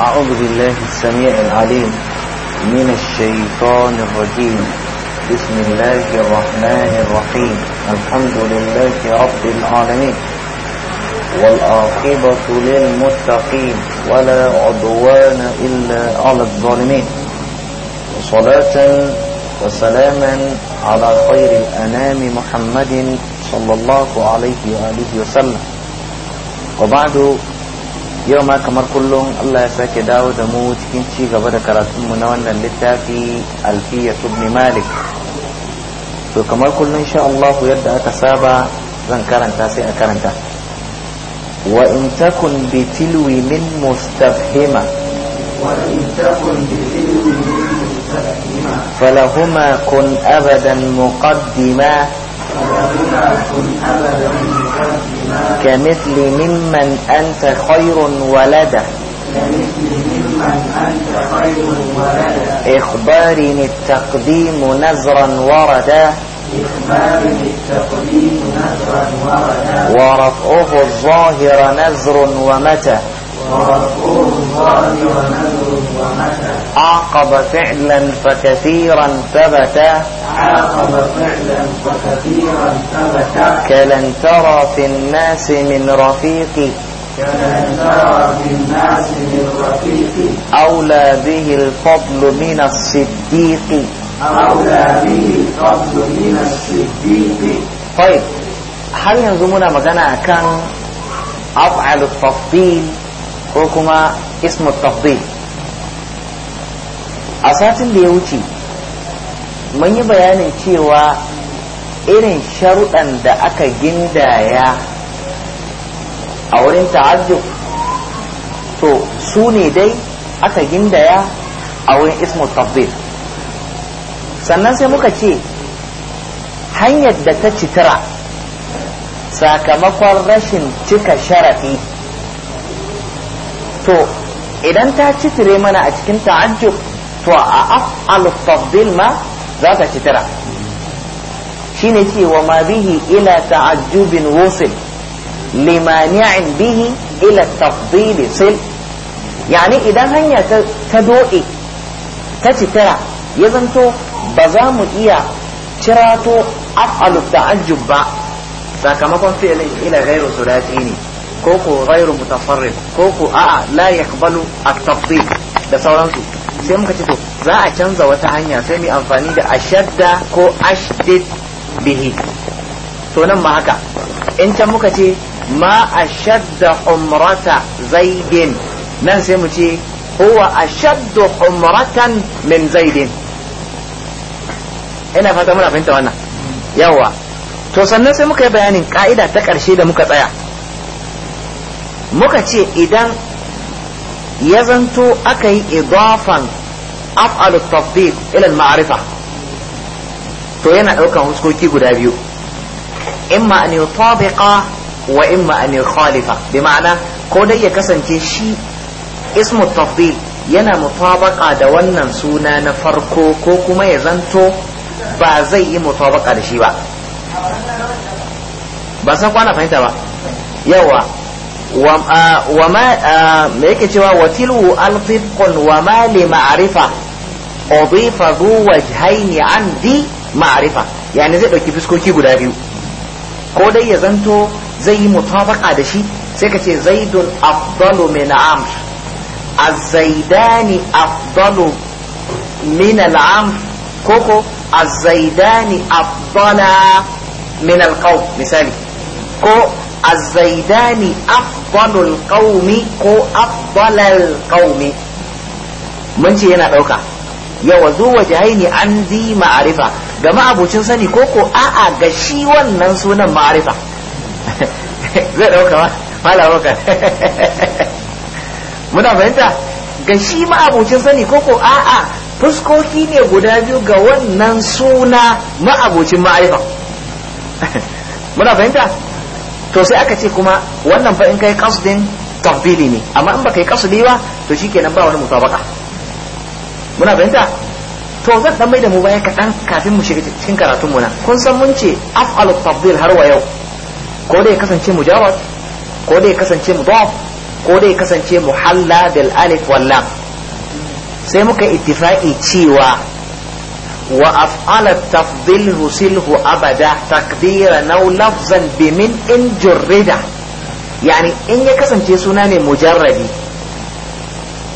أعوذ بالله السميع العليم من الشيطان الرجيم بسم الله الرحمن الرحيم الحمد لله رب العالمين والآخبة للمتقين ولا عدوان إلا على الظالمين صلاة وسلاما على خير الأنام محمد صلى الله عليه وآله وسلم وبعد yau ma kamar kullum Allah ya sake dawo da mu cikin ci gaba da karatunmu na wannan littafi alfiya ibn malik to kamar kullum sha Allah yadda aka saba zan karanta sai a karanta wa in takun bi tilwi min mustafhima wa in takun bi tilwi min mustafhima falahuma kun abadan muqaddima falahuma kun abadan muqaddima كمثل ممن أنت خير ولدا إخبار التقديم نزرا وردا ورفعه الظاهر نزر ومتى ورفعه الظاهر نزر ومتى عاقب فعلا فكثيرا ثبت عاقب فعلا فكثيرا ثبت كلن ترى في الناس من رفيق كلن ترى في الناس من رفيق أولى به الفضل من الصديق أولى به الفضل من الصديق طيب هل ينظمون مجانا كان أفعل التفضيل وكما اسم التفضيل a satin da ya wuce mun yi bayanin cewa irin sharuɗan da aka gindaya a wurin ta'ajjub to su ne dai aka gindaya a wurin ismu tabbir sannan sai muka ce hanyar da ta citira sakamakon rashin cika sharafi to idan ta citire mana a cikin ta'ajjub to a af'alu ma za ta ci tara shine ce wa ma bihi ila ta'ajjubin wusil limani'in bihi ila tafdil sil yani idan hanya ta doɗe ta ci tara ya zanto ba za mu iya cirato af'alu ta'ajjub ba sakamakon fi'ilin ila ghairu sulati ne ko ko ghairu mutafarrid ko ko a'a la yaqbalu at da sauransu sai muka ce to za a canza wata hanya sai mu amfani da ashadda ko ashdid bihi to nan ma haka in can muka ce ma ashadda umrata zaidin nan sai mu ce huwa ashaddu umratan min zaidin ina fata muna fahimta wannan yawa to sannan sai muka yi bayanin ka'ida ta ƙarshe da muka tsaya muka ce idan ya zanto aka yi idafan af'alu tafdiq ila ma'rifa to yana daukan huskoki guda biyu imma an yutabiqa wa imma an yukhalifa bi ma'ana ko dai ya kasance shi ismu tafdil yana mutabaka da wannan suna na farko ko kuma ya zanto ba zai yi mutabaka da shi ba ba san kwana fahimta ba yawa Wama yake cewa wa tilu alfifqun wa ma li ma'rifa udifa dhu wajhaini an di ma'rifa yani zai dauki fiskoki guda biyu ko dai ya zanto zai yi mutabaka da shi sai ka ce zaidun afdalu min amr az-zaidani afdalu min al koko afdala min misali ko الزيدان أفضل القوم كو أفضل القوم من شيء yana دوكا yawa zo wajahaini an zi ma'arifa ga ma'abucin sani ko ko a'a ga shi wannan sunan ma'arifa zai dauka ma malamuka muna fahimta ga shi ma'abucin sani ko ko a'a fuskoki ne guda biyu ga wannan suna ma'abucin ma'arifa muna fahimta to sai aka ce kuma wannan fa in kai kasdin tafdili ne amma in baka yi kasdi ba to shikenan ba wani mutabaka muna fahimta to zan dan mai da mu baya kaɗan kafin mu shiga cikin karatun mu nan kun san mun ce af'alu tafdil har wa yau ko dai kasance mujawaz ko dai kasance mudaf ko dai kasance muhalla bil alif wal lam sai muka ittifaqi cewa وأفعل التفضيل سله أبدا تقديرا أو لفظا بمن إن جرده يعني إن يكسن جسنان مجرد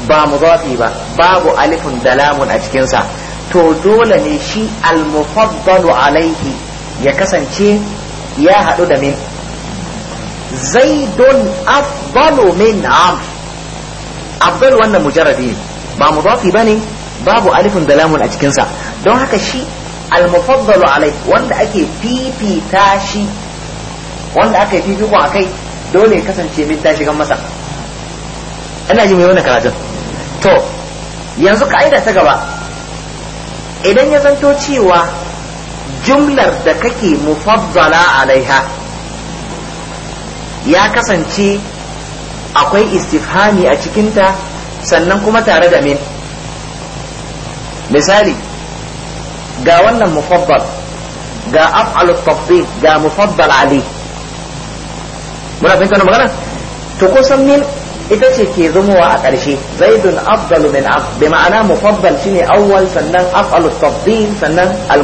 با مضافي با باب ألف دلام أجكنسا to dole ne shi almufaddalu alaihi ya kasance ya haɗu da min zaidun afdalu min amr abdul wannan mujarrabi ba mudafi bane babu alifun a cikinsa don haka shi al alai wanda ake fifita shi wanda aka fifiko a kai dole ya kasance min ta shigan masa ina ji mai wannan karatun to yanzu ka aida ta gaba idan ya zanto cewa jumlar da kake mufaddala alaiha ya kasance akwai istifhami a cikinta sannan kuma tare da min misali ga wannan mufaddal ga af'alu tafdil ga mufaddal ali muna fahimta wannan magana to kusan min ita ce ke zumowa a ƙarshe zaidun afdalu min af bi ma'ana mufabbal shine awwal sannan af'alu tafdil sannan al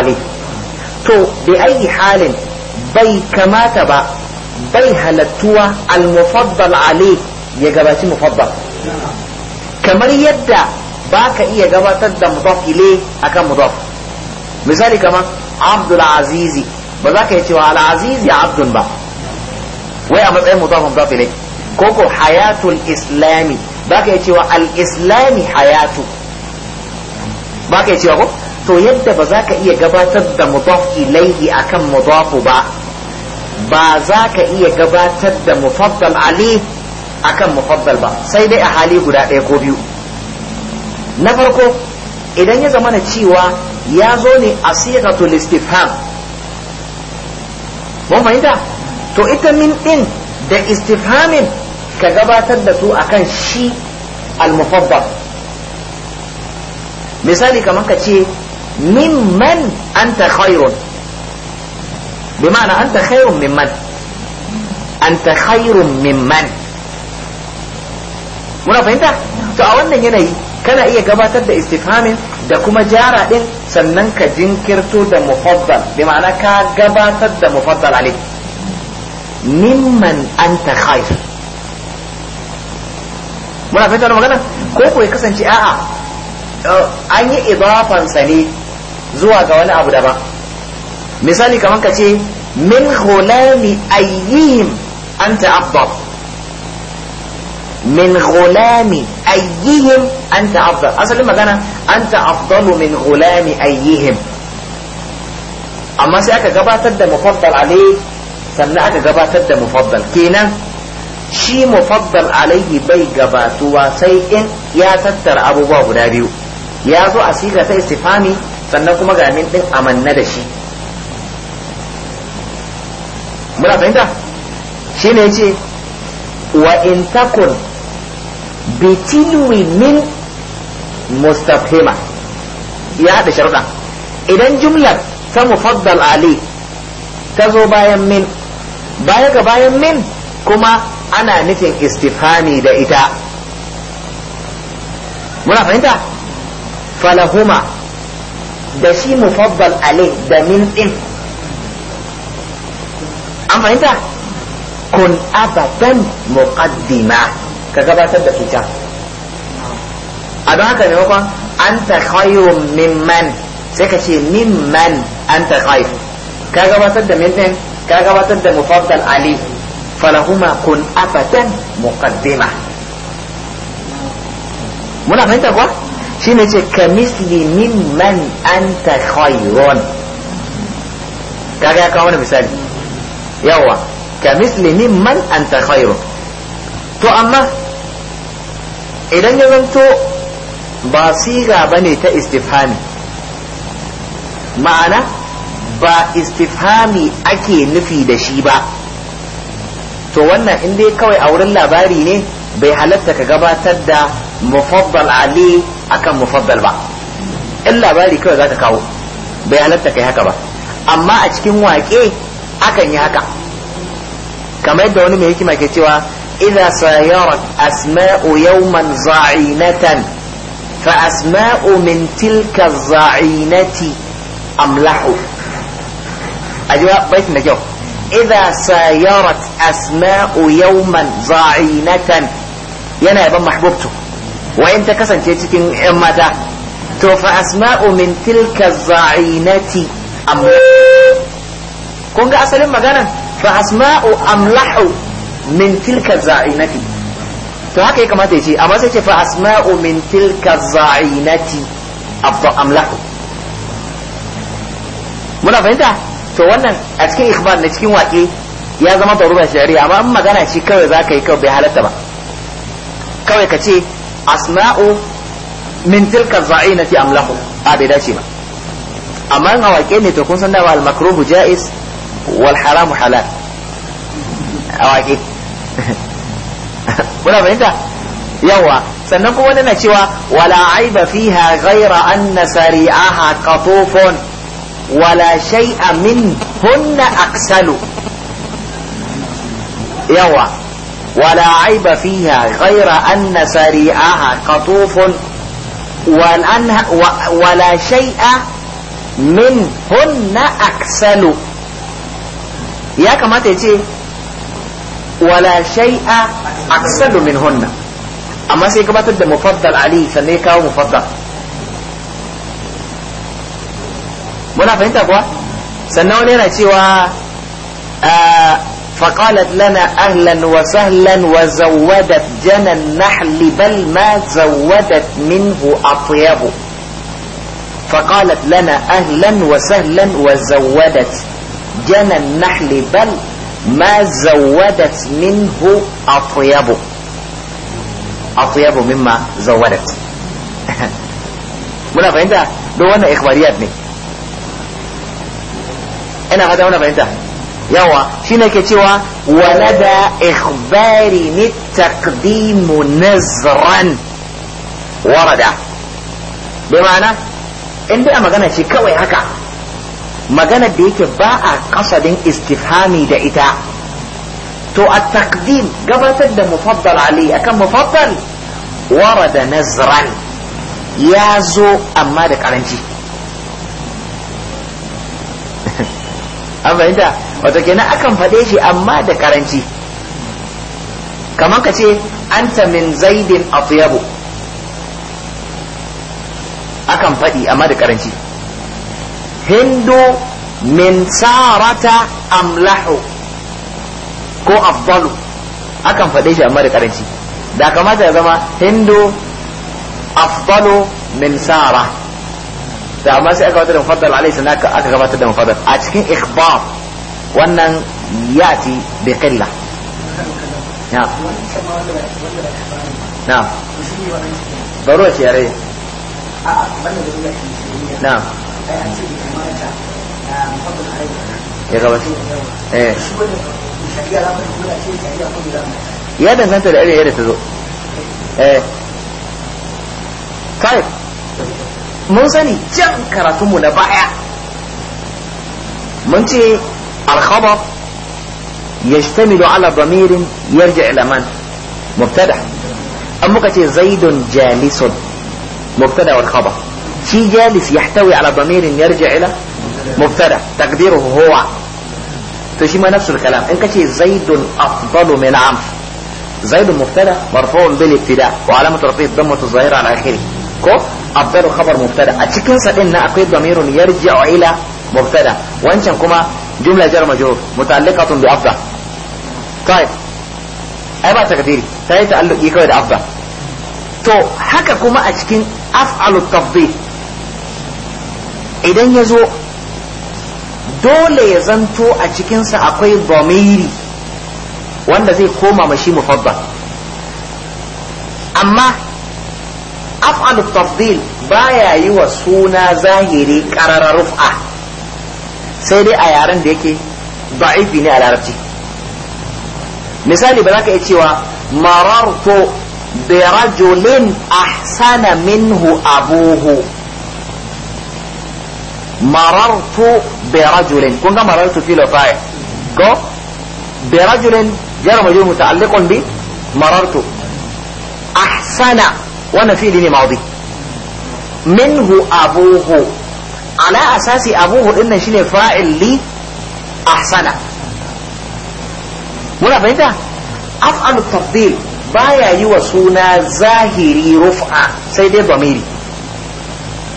ali to bi ayi halin bai kamata ba bai halattuwa al mufaddal ali ya gabaci mufabbar. kamar yadda baka iya gabatar da mudaf ile akan mudaf misali kamar abdul azizi ba za ka yi cewa al azizi Abdul ba wai a matsayin mudafin mudaf ilai ko ko hayatul islami ba ka yi cewa al islami hayatu ba ka yi cewa ko to yadda ba za ka iya gabatar da mudaf ilaihi akan mudafu ba ba za ka iya gabatar da mufaddal ali akan mufaddal ba sai dai a hali guda ɗaya ko biyu na farko idan ya zamana cewa ya zo ne a sigatul istifham mun fahimta to ita min din da istifhamin ka gabatar da su akan shi al misali kamar ka ce mimman anta khairun bi ma'ana anta khairun mimman anta khairun mimman muna fahimta to a wannan yanayi kana iya gabatar da istifhamin da kuma jara din sannan ka jinkirto da mufaddal bi ma'ana ka gabatar da mufaddal alai mimman anta khair muna fahimtar magana ko ko ya kasance a'a eh, an yi idafan sa ne zuwa ga wani abu daban misali kamar ka ce min hulami ayyihim anta abdab min gulami ayyihim anta afdal asalin magana anta afdalu min gulami ayyihim amma sai aka gabatar da mufaddal alai sannan aka gabatar da mufaddal kenan shi mufaddal alaihi bai gabatuwa sai in ya tattara abubuwa guda biyu ya zo a siga ta istifami sannan kuma ga min din amanna da shi muna fahimta shine yace wa in takun bitilwi min mustafhima ya haɗa idan jumlar ta mufaddal ali ta zo bayan min baya ga bayan min kuma ana nufin istifani da ita muna fahimta falahuma da shi mufaddal ali da min ɗin an fahimta kun abadan muqaddima ka gabatar da su a don haka ne wakon an ta khairun mimman sai ka ce mimman an ta khair ka gabatar da mimman ka gabatar da mufaddal ali falahuma kun afatan muqaddima muna fahimta kuwa shi ne ce ka misli mimman an ta khairun kaga ya kawo wani misali yawa ka misli mimman an ta khairun to amma idan ya zanto ba siga ba ne ta istifhami ma'ana ba istifhami ake nufi da shi ba to wannan in dai kawai a wurin labari ne bai halatta ka gabatar da mufaddal ali akan mufaddal ba in labari kawai za ka kawo bai halatta kai haka ba amma a cikin waƙe akan yi haka kamar yadda wani mai hikima ke cewa إذا سايرت أسماء يوما زعينة فأسماء من تلك الزعينة أملح أجواء بيت نجو إذا سايرت أسماء يوما زعينة yana yaban mahbubtu wa in ta kasance cikin yan mata fa asma'u min tilka za'inati amla kun ga asalin maganan fa asma'u min tilka za'inati to haka ya kamata ya ce amma sai ce fa asma'u min tilka za'inati afdal amlahu muna fahimta to wannan a cikin ikhbar na cikin waƙe ya zama darurar shari'a amma in magana ce kawai za ka yi kawai bai halatta ba kawai ka ce asma'u min tilka za'inati amlahu a bai dace ba amma in waƙe ne to kun san dawa al makruhu jaiz wal haramu halal a waƙe muna fahimta yawa sannan kuma wani na cewa wala aiba fiha ghaira anna sari'aha qatufun wala shay'a min hunna aksalu yawa wala aiba fiha ghaira anna sari'aha qatufun wala shay'a min hunna aksalu ya kamata ya ce ولا شيء أقصد منهن أما سيكبات مفضل علي فنيكا مفضل منا فهمت kuwa سنوني أنا yana فقالت لنا أهلا وسهلا وزودت جنى النحل بل ما زودت منه أطيب فقالت لنا أهلا وسهلا وزودت جنى النحل بل ما زودت منه أطيبه أطيبه مما زودت muna fahimta don wannan ikhbariyat ne ina fata muna fahimta yawa shi ne ke cewa walada ikhbari ni taqdimu nazran warada bai ma'ana in da magana ce kawai haka magana da yake ba a kasadin istifhami da ita to a takdim gabatar da mufaddal ali akan mufaddal warada nazran ya zo amma da karanci an fahimta wato kenan akan faɗe shi amma da karanci kamar ka ce anta min zaidin atyabu akan faɗi amma da karanci hindu min sarata amlahu ko afdalu akan faɗe shi amma da karanci da kamata ya zama hindu afdalu min sara da amma sai aka wata da mufaddal alaihi sanaka aka gabatar da mufaddal a cikin ikhbar wannan yati bi qilla na na baro na ya gabata eh ya danganta da irin yadda ta zo eh kai mun sani can karatunmu na baya mun ce alkhabar يشتمل على ضمير يرجع إلى من مبتدا أم ممكن زيد جالس مبتدا والخبر في جالس يحتوي على ضمير يرجع إلى مبتدا تقديره هو تشيما نفس الكلام إنك كتي زيد أفضل من عمرو زيد مبتدا مرفوع بالابتداء وعلامة رفعه الضمة الظاهرة على آخره كو أفضل خبر مبتدا أتشكن سألنا أقيد ضمير يرجع إلى مبتدا وانشان كما جملة جر مجرور متعلقة بأفضل طيب أي بقى تقديري تاي تعلق إيه أفضل تو حكا كما a أفعل التفضيل idan ya zo dole ya zanto a cikinsa akwai domiri wanda zai koma mashi mufaddal amma af'al tafdil baya yi wa suna zahiri qararar rufa sai dai a yaren da yake ba'ifi ne a larabci misali ba za ka iya cewa mararto bi rajulin ahsana minhu abuhu marartu bi rajulin kun ga marartu filo faye ko bi rajulin jar majrur muta'alliqun bi marartu ahsana wannan fi'li ne madi minhu abuhu ala asasi abuhu dinnan shine fa'il li ahsana muna fahimta af'alu tafdil baya yi wa suna zahiri rufa sai dai bamiri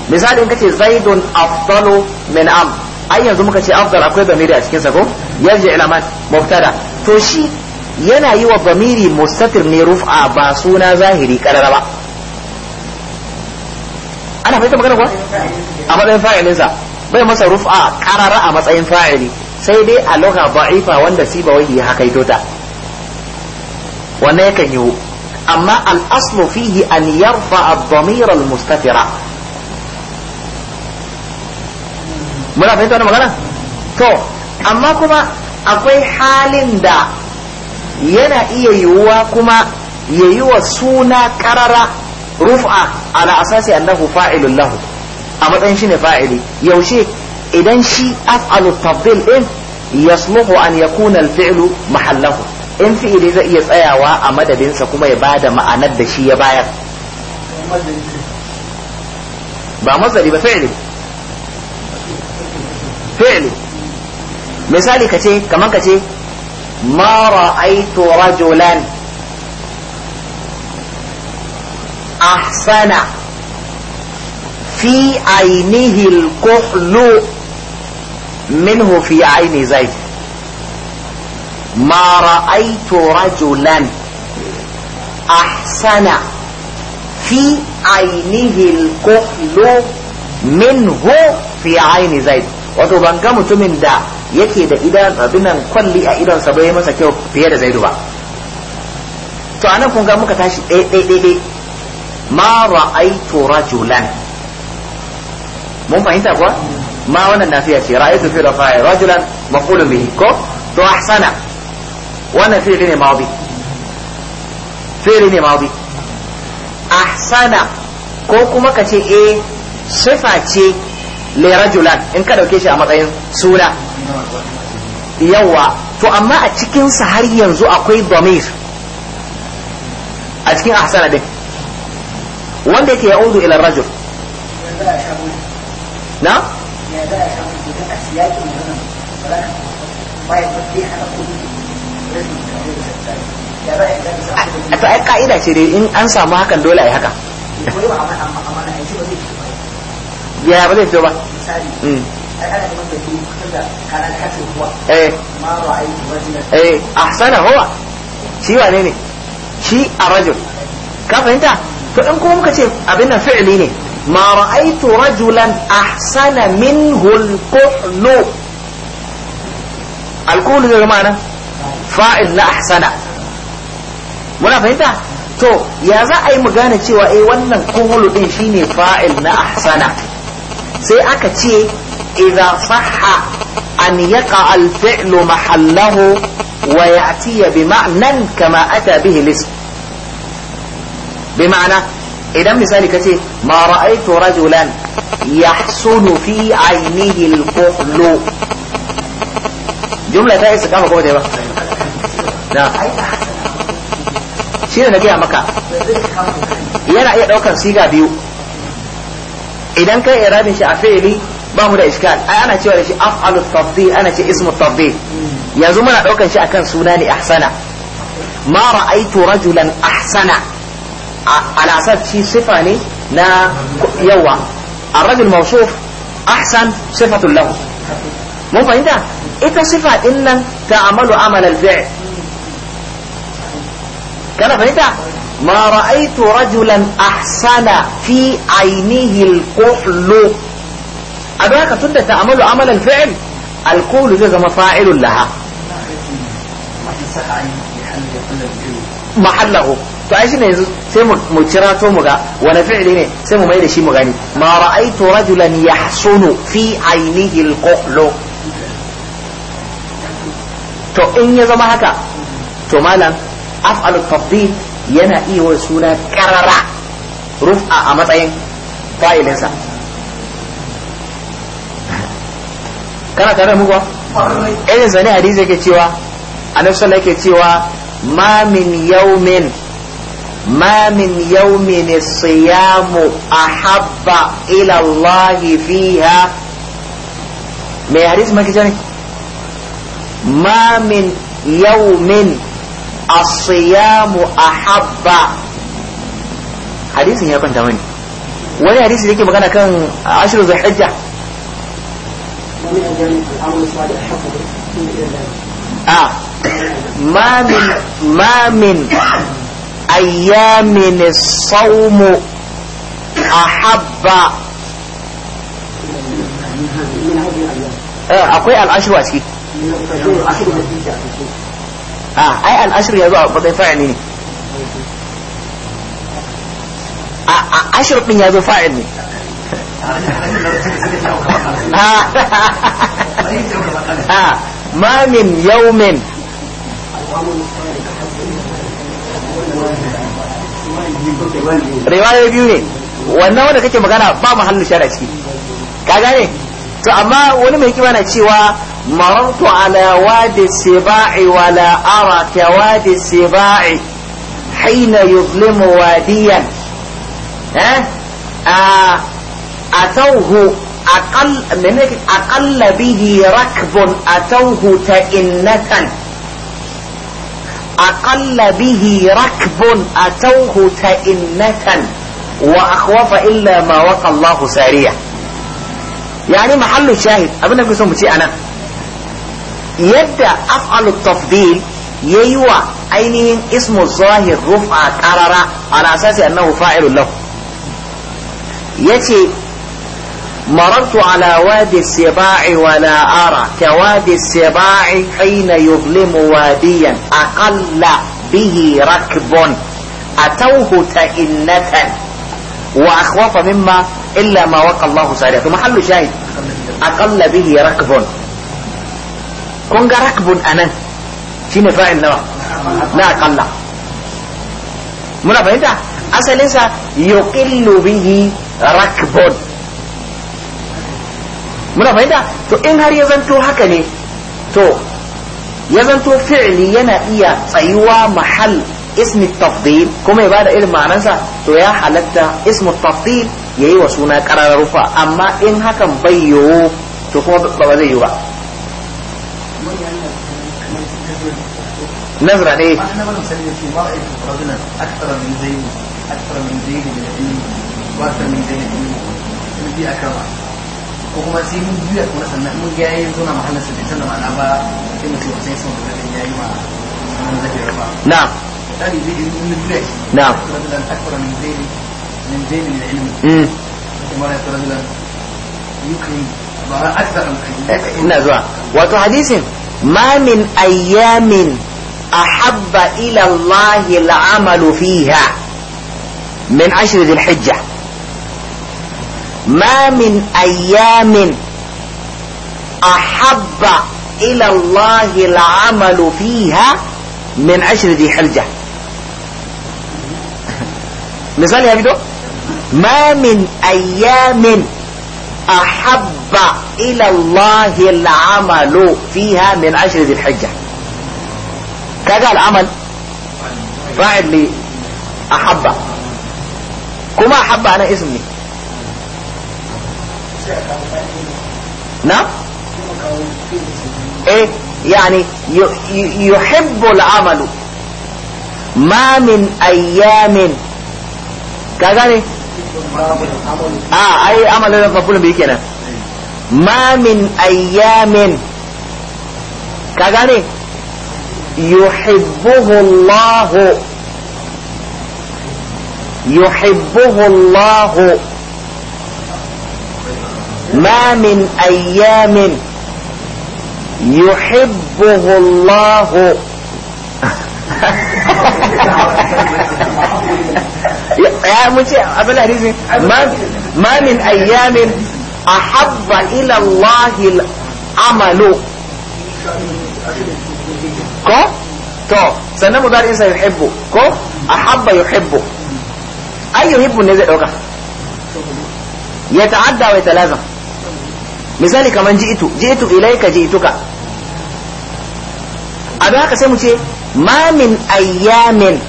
misali in kace zaidun afdalu min am ai yanzu muka ce afdal akwai bamiri a cikin sa ko yarji ila man mubtada to shi yana yi wa bamiri mustatir ne rufa ba suna zahiri karara ba ana fahimta magana kuwa a matsayin fa'ilinsa bai masa rufa karara a matsayin fa'ili sai dai a lugha da'ifa wanda si ba wahi ya hakaito ta wannan yakan yiwu amma al-aslu fihi an yarfa ad-damira al-mustatira muna fahimta wani magana to amma kuma akwai halin da yana iya yiwuwa kuma ya yi wa suna karara rufa ala asasi annahu fa'ilun lahu a matsayin shi ne fa'ili yaushe idan shi af'alu tafdil din yasluhu an yakuna al-fi'lu mahallahu in fi'ili zai iya tsayawa a madadinsa kuma ya bada ma'anar da shi ya bayar ba mazari ba fi'ili فعل مثال كتير كمان كتير ما رأيت رجلا أحسن في عينه الكحل منه في عين زيد ما رأيت رجلا أحسن في عينه الكحل منه في عين زيد wato ban ga mutumin da yake da idan abinan kwalli a idonsa bai masa kyau fiye da zaidu ba to anan kun ga muka tashi ɗaiɗaiɗaiɗai ma ra'aitu rajulan mun fahimta kuwa ma wannan nafiya ce ra'aitu fi rafa'i rajulan maqulu bihi ko to ahsana wannan fi'li ne ma'udi fi'li ne ma'udi ahsana ko kuma ka ce eh sifa ce li rajulan in ka dauke shi a matsayin suna yawa to amma a cikin sa har yanzu akwai damir a cikin ahsana din wanda yake ya'udu ila rajul na ta ai ka'ida ce dai in an samu hakan dole a yi haka ya ba zai fito ba mm. eh eh ahsana huwa shi wa ne ne. shi a rajul ka fahimta to in kuma muka ce abin nan fi'li ne ma ra'aitu rajulan ahsana minhu al-qulu al-qulu zai ma'ana fa'il na ahsana muna fahimta to ya za a yi mu gane cewa eh wannan qulu din shine fa'il na ahsana sai aka ce idza sahha an yaqa al fi'lu mahallahu wa ya'tiya bi ma'nan kama ata bihi lis bi ma'ana idan misali kace ma ra'aytu rajulan yahsunu fi aynihi al kuhlu jumla ta isa kama ko ba na shi ne na gaya maka yana iya ɗaukar siga biyu idan kai irabin shi a fi'ili ba mu da iskal ai ana cewa da shi af'alu tafdil ana ce ismu tafdil yanzu muna daukan shi akan suna ne ahsana ma ra'aitu rajulan ahsana ala shi sifa ne na yawa الرجل موصوف أحسن صفة له mun fahimta ita sifa din nan ta amalu amal al kana fahimta ما رأيت رجلا أحسن في عينه الكحل أدراك تند تعمل عمل الفعل الكحل جزم فاعل لها محله to ai shine yanzu sai mu kira to mu wani fi'ili ne sai mu mai da shi mu gani ma ra'aitu rajulan yahsunu fi ainihi al to in ya zama haka to malam yana iya wa suna karara rufa a matsayin fa'ilinsa kana tare da mu kuwa irin zane hadisi yake cewa annabi na yake cewa ma min yawmin ma min yawmin siyamu a ila ilallahi fiha mai hadisi maki jani ma min yawmin asiyamu ahabba hadisin ya kwanta mani wani hadisi da ke magana kan ashirin zai hajja a ah, mamin mamin ayyamin saumu ahabba eh, akwai al'ashiru a ciki a ai al'ashir ya zo a matsayin fa'ili ne a ashir din ya zo fa'il ne a ma min yaumin riwaya biyu ne wannan wanda kake magana ba mahallin shara ciki ka gane to amma wani mai kima na cewa مررت على وادي السباع ولا أرى كوادي السباع حين يظلم واديا ها آه أتوه أقل من أقل به ركب أتوه تئنة أقل به ركب أتوه تئنة وأخوف إلا ما وقى الله سارية يعني محل الشاهد أبنى كسوم أنا يبدا افعل التفضيل yayi wa اسم الظاهر zahir rufa على اساس انه فاعل له يتي مررت على وادي السباع ولا أرى كوادي السباع حين يظلم واديا أقل به ركب أتوه تئنة وأخوف مما إلا ما وقى الله سعيده محل شاهد أقل به ركب kun ga rakbun anan shine fa'il nawa na aqalla muna fahimta asalin sa yuqillu bihi rakbun muna fahimta to in har ya zanto haka ne to ya zanto fi'li yana iya tsayuwa mahal ismi tafdil kuma ya bada irin ma'anansa to ya halatta ismu tafdil yi wa suna ƙararrufa amma in hakan bai yiwu to kuma ba zai yiwu ba نظرة ايه؟ احنا ما نسمي في مرأة رجلا اكثر من زيد اكثر من زيد بالعلم واكثر من زيد بالعلم دي اكرمها وكما سيمو دي اكو مثلا من جاي زونا محل سيدي سنة معنا با كلمة الوحسين سنة بالعلم جاي مع نعم ثاني زيد من البلاش نعم رجلا اكثر من زيد من زيد بالعلم امم مرأة رجلا يكرم اكثر من زيد إيه، إيه، نعم وتحديث ما من ايام أحب إلى الله العمل فيها من عشر ذي الحجة ما من أيام أحب إلى الله العمل فيها من عشر ذي حجة مثال يا بدو ما من أيام أحب إلى الله العمل فيها من عشر ذي الحجة kaga al'amal fa'il ne ahabba kuma ahabba na ism ne na eh yani yuhibbu al'amalu ma min ayyamin kaga ne a ai amalin da fafulun bai kenan ma min ayyamin kaga ne يحبه الله يحبه الله ما من أيام يحبه الله يا أبلا ما, ما من أيام أحب إلى الله العمل ko to sannan mudari sa yuhibbu ko ahabba yuhibbu ai yuhibbu ne zai dauka ya ta'adda wa talazam misali kaman ji'tu ji'tu ilayka ji'tuka abin haka sai mu ce ma min ayyamin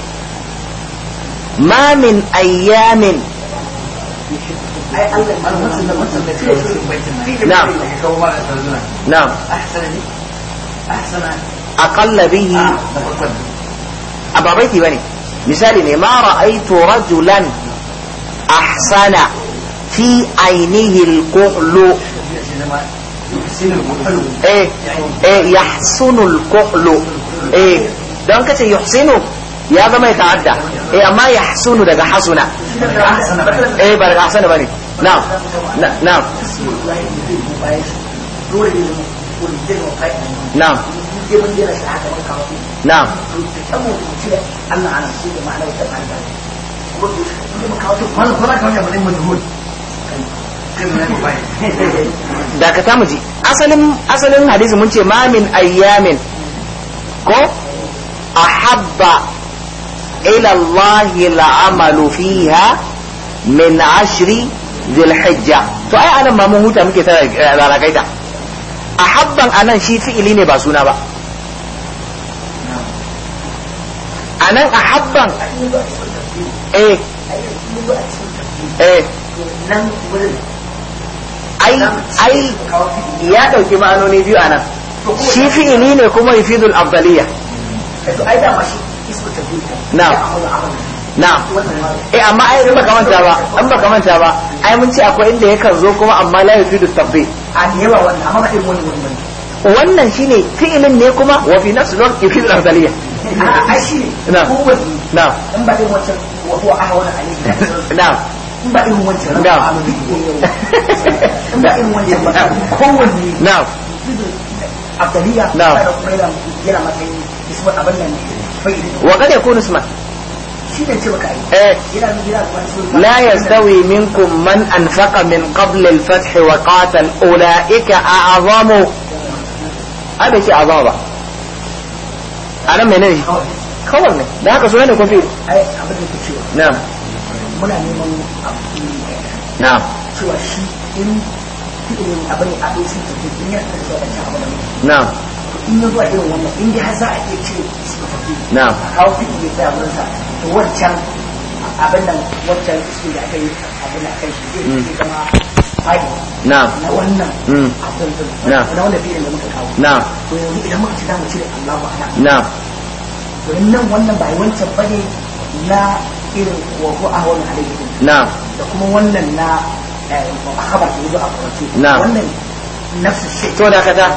ma min ayyamin نعم نعم أحسن أحسن aqalla bihi ababaiti bane misali ne mara aito rajulan ahsana fi ainihi al-kuhlu eh eh yahsunu al eh don kace yuhsinu ya zama ya ta'adda eh amma yahsunu daga hasuna eh ba daga ke mun jira shi mun ta ce Allah ana ko mun kawo wannan fara ya mun da ka ta muji asalin asalin hadisi mun ce ma ayyamin ko ahabba ila Allah la'amalu fiha min ashri dhil hijja to ai anan ma mun huta muke tara raragaita ahabban anan shi fi'ili ne ba suna ba ma'anan a habban eh eh ai ya dauki ma'anoni biyu anan shi fi'ili ne kuma yi yufidul afdaliya na na eh amma ai in baka manta ba in baka manta ba ai mun ce akwai inda yakan zo kuma amma la yufidu tabbi a yawa wannan amma ba irin wannan wannan shine fi'ilin ne kuma wa fi nafsi lon yufidul afdaliya na na in ba irin wancan wato a hawa na na لا يستوي منكم من أنفق من قبل الفتح وقاتل أولئك أعظم هذا شيء عظامة a nan mai ne kawar ne da haka suna da kofi ai abin da kuke na muna neman abu na cewa shi in fi'ilin abin abin sun tafi in ya tafi zuwa wancan abin da na in ya zuwa irin wannan in dai har za a iya cire suka tafi na hau fi'ilin da ya wurin sa to wancan abin nan wancan su da aka yi abin da aka yi zai mm. zama fadi na wannan hmm. na wannan biyan da muka kawo na to yanzu idan muka ci za cire Allahu akbar na to nan wannan ba wancan bane na irin wa ko ahwan alayhi na da kuma wannan na eh, khabar da yazo a farko na wannan nafsu shi to da kaza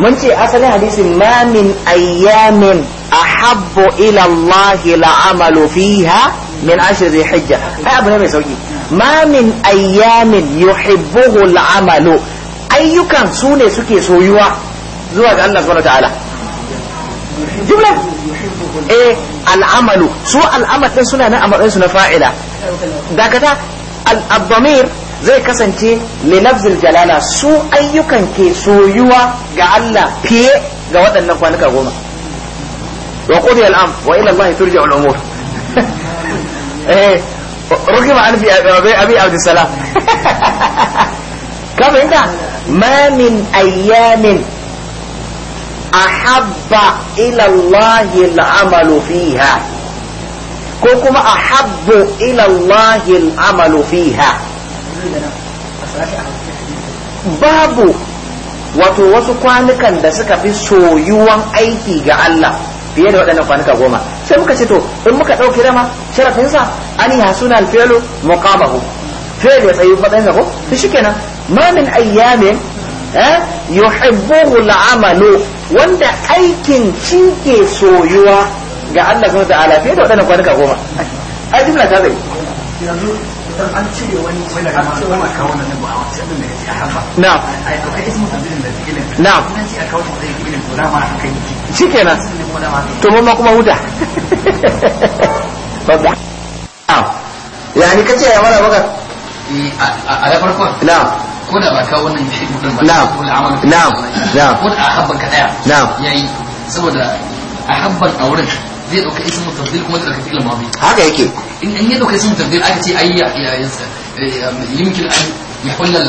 mun ce asalin hadisin ma min ayyamin ahabbu ila Allah fiha min ashir zai hijja ai abu mai sauki ma min ayyamin yuhibbuhu al'amalu ayyukan su suke soyuwa zuwa ga Allah subhanahu ta'ala jumla eh al'amalu su al'amal din suna nan amarin su na fa'ila dakata al zai kasance li lafzil jalala su ayyukan ke soyuwa ga Allah fiye ga waɗannan kwanuka goma wa qudi al wa ila Allah turja'u al-umur إيه. ركب عن في أبي عبد السلام كم انت ما من أيام أحب إلى الله العمل فيها كوكما أحب إلى الله العمل فيها babu wato wasu kwanukan da suka fi soyuwan aiki ga Allah fiye da waɗannan kwanuka goma sai muka ce to in muka ɗauki rama sharafinsa an yi hasuna alfiyalu muqamahu fiye da tsayi faɗin gabo to shikenan ma min ayyamin eh, yuhibbuhu al'amalu wanda aikin cike soyuwa ga Allah subhanahu wa ta'ala fiye da waɗannan kwanuka goma ai jimla ta zai yanzu idan an cire wani wani wani kawo na nan ba a wancan da ya haka na to kai ismu tanzirin da ilin na nan ce a kawo da zai ilin ko dama a yake shi kenan to mun ma kuma huda babba yani kace ya mara baka eh, a da farko na'am ko da ba ka wannan shi mutum ba ko da amal na'am na'am ko da ahabban ka daya na'am yayi saboda a a wurin. zai dauka ismu tafdil kuma daga dauka fi'il madi haka yake in ya dauka ismu tafdil aka ce ayi ai yumkin an yahulla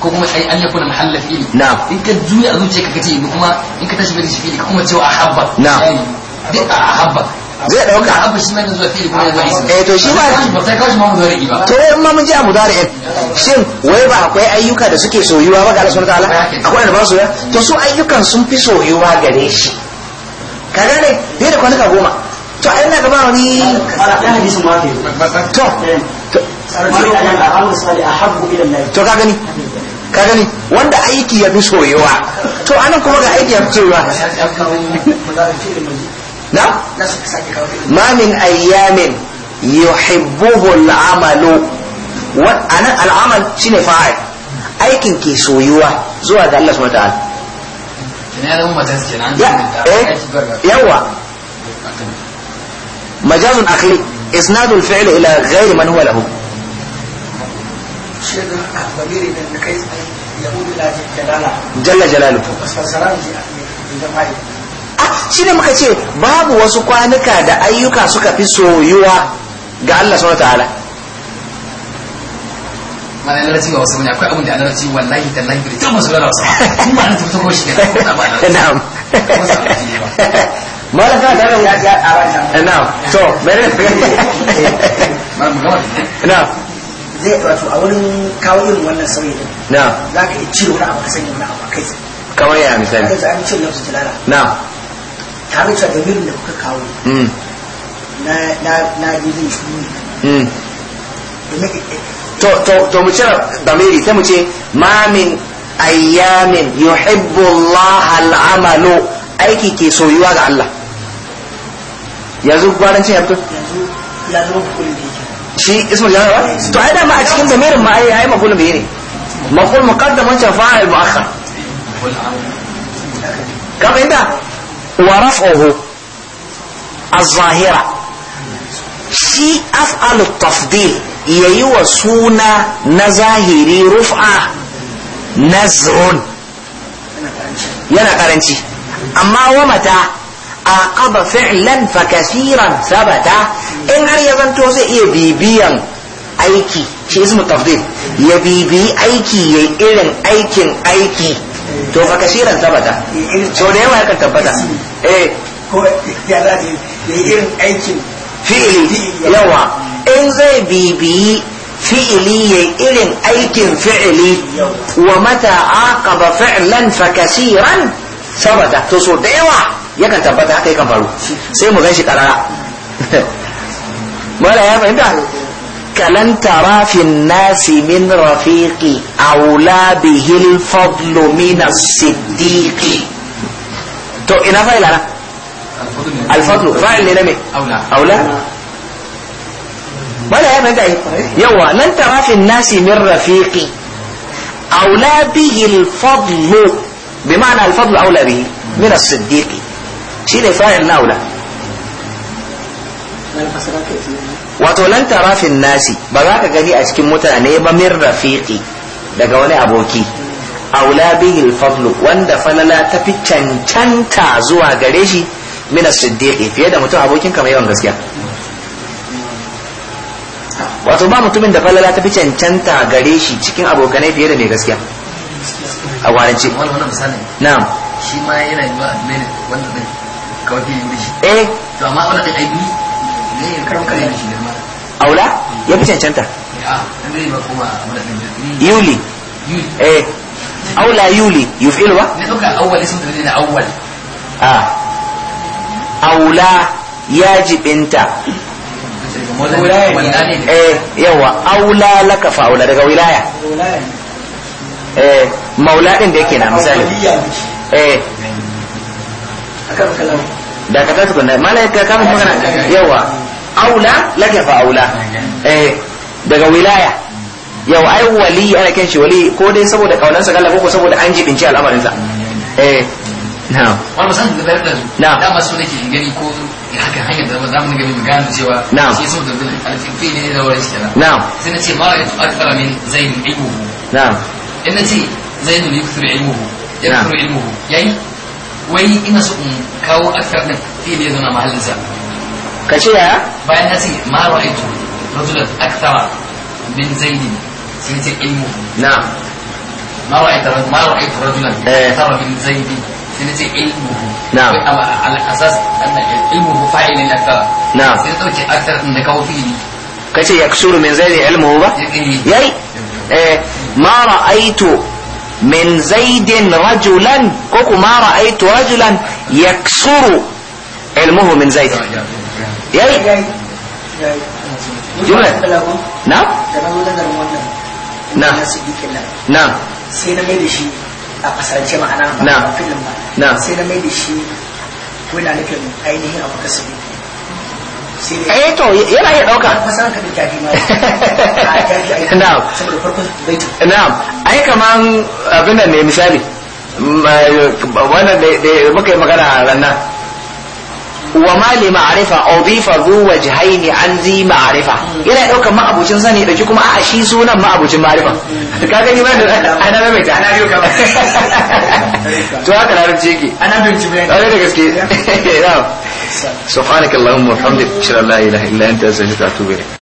ko kuma ai an yakuna mahalla fi'il na'am in ka juya a zuciyarka kace kuma in ka tashi bari shi fi'il kuma cewa ahabba na'am duk ahabba zai dauka abu shi mai zuwa fili kuma ya eh to shi ba sai kawai mu zari ba to in ma mun ji abu zari shin wai ba akwai ayyuka da suke soyuwa ba ga Allah subhanahu wataala akwai da ba su to su ayyukan sun fi soyuwa gare shi ka gane fiye da kwanuka goma to a yana gaba wani to to ka gani ka gani wanda aiki ya fi soyewa to anan kuma ga aiki ya fi soyewa na ma min ayyamin yuhibbuhu al'amalu wa anan al'amal shine fa'il aikin ke soyuwa zuwa ga Allah subhanahu wa ta'ala Eh, yawa majazun akli isnadul fi'l ila ghairi man huwa lahu jalla jalaluhu a ah, ne muka ce babu wasu kwanuka da ayyuka suka fi soyuwa ga Allah subhanahu wa ta'ala mana larabci ba wasu bane akwai abin da a larabci wallahi tallahi bai ta masu rarrawa kun ba na fito shi da ko ba na'am mala ka da ya ga a na'am to bare na'am zai wato a wurin kawo yin wannan sauyi din na'am zaka iya cire wani abu ka sanya wani abu kai kamar ya misali kai zaka cire nafsu tilala na'am tare da dalilin da kuka kawo mm. na na na dalilin shi ne to to mu cire damiri sai mu ce ma min ayyamin yuhibbu Allah al'amalu aiki ke soyuwa ga Allah yanzu gwaranci ya fito shi ismu jana ba eh, to ai dama a cikin damirin ma ai ai maqul bi ne maqul muqaddam wancan fa'il mu'akhkhar kama inda wa raf'uhu az-zahira shi af'alu at-tafdil ya yi wa suna na zahiri rufa nazrun yana karanci amma wa mata kaba fi'lan fa kasiran sabata in har ya zanto zai iya bibiyan aiki shi ismu tafdil ya bibiyi aiki ya irin aikin aiki to fa kasiran sabata so da yawa yakan tabbata eh ko ya irin aikin fi'ili yawa in zai bibiyi fi'ili ya irin aikin fi'ili wa mata aqaba fi'lan fa kasiran sabata to so da yawa yakan tabbata haka yakan faru sai mu ganshi karara mala ya fahimta kalan tara nasi min rafiqi aula bihil al-fadlu min as-siddiqi to ina fa'ila na al-fadlu fa'il ne ne aula aula bala ya manta yawa lan tara fi nasi min rafiqi aula bihi al-fadl bi ma'ana al-fadl aula bihi min as-siddiq shi ne fa'il na aula wato nan tarafin nasi ba za ka gani a cikin mutane ba min rafiqi daga wani aboki aula bihi al-fadl wanda falala ta fi cancanta zuwa gare shi min as-siddiq fiye da mutum abokin kamar yawan gaskiya wato ba mutumin da falala ta fi cancanta gare shi cikin abokanai fiye da mai gaskiya a wani misali. na'am shi ma yana yi wa mene wanda ɗin kawai yin da shi eh to amma wanda ɗin aibi ne ya karan kare da shi ne aula ya fi cancanta yuli eh aula yuli yuf'ilu ba ne ɗauka awwal isin da ne awwal a ah. aula ya jibinta Eh, yawa aula laka fa aula daga wilaya eh, maula din da yake na misali eh da ka tasu kunna malaika ka kama magana yawa aula laka fa aula eh, daga wilaya yawa ai wali ana kiran shi wali ko dai saboda kaunansa ga Allah ko saboda an jibinci al'amarinsa eh na'am san musamman da bayar da su na'am dama su nake gani ko haka hanyar da za mu gani mu gane cewa na'am sai so da alfifi ne da wani shi na'am sai na ce ma ya tu akthara min zain ilmuhu na'am in na ce zain yakthuru ilmuhu yakthuru ilmuhu yayi wai ina so in kawo akthar din fi ne zana mahallinsa ka ce yaya. bayan na ce ma ra'aytu rajulan akthara min zain sai ce ilmuhu na'am ma ra'aytu ma ra'aytu rajulan eh. akthara min zain sai nace ilmuhu na'am ala al asas anna ilmuhu fa'ilin akthar na'am sai dauke akthar din da kawo fi'ili kace yaksuru min zaidi ilmuhu ba yayi eh ma ra'aitu min zaidin rajulan ko kuma ra'aitu rajulan yaksuru ilmuhu min zaid yayi jumla na'am na'am Na. sai na mai da shi a kasance ma'ana ba Na. sai na mai da shi wani nufin ainihin abu kasabi eh to yana iya dauka na'am Na ai kaman abin ne misali mm, wannan da muka yi magana a ranar wa ma li ma'rifa udifa dhu wajhaini an zi ma'rifa yana dauka ma'abucin sani dauki kuma a shi sunan ma'abucin ma'rifa ka gani ba da ana mai ta ana biyo kama to haka larabci yake ana biyo ci bayan da gaske subhanakallahumma wa bihamdika ashhadu an la ilaha illa anta astaghfiruka wa atubu ilayk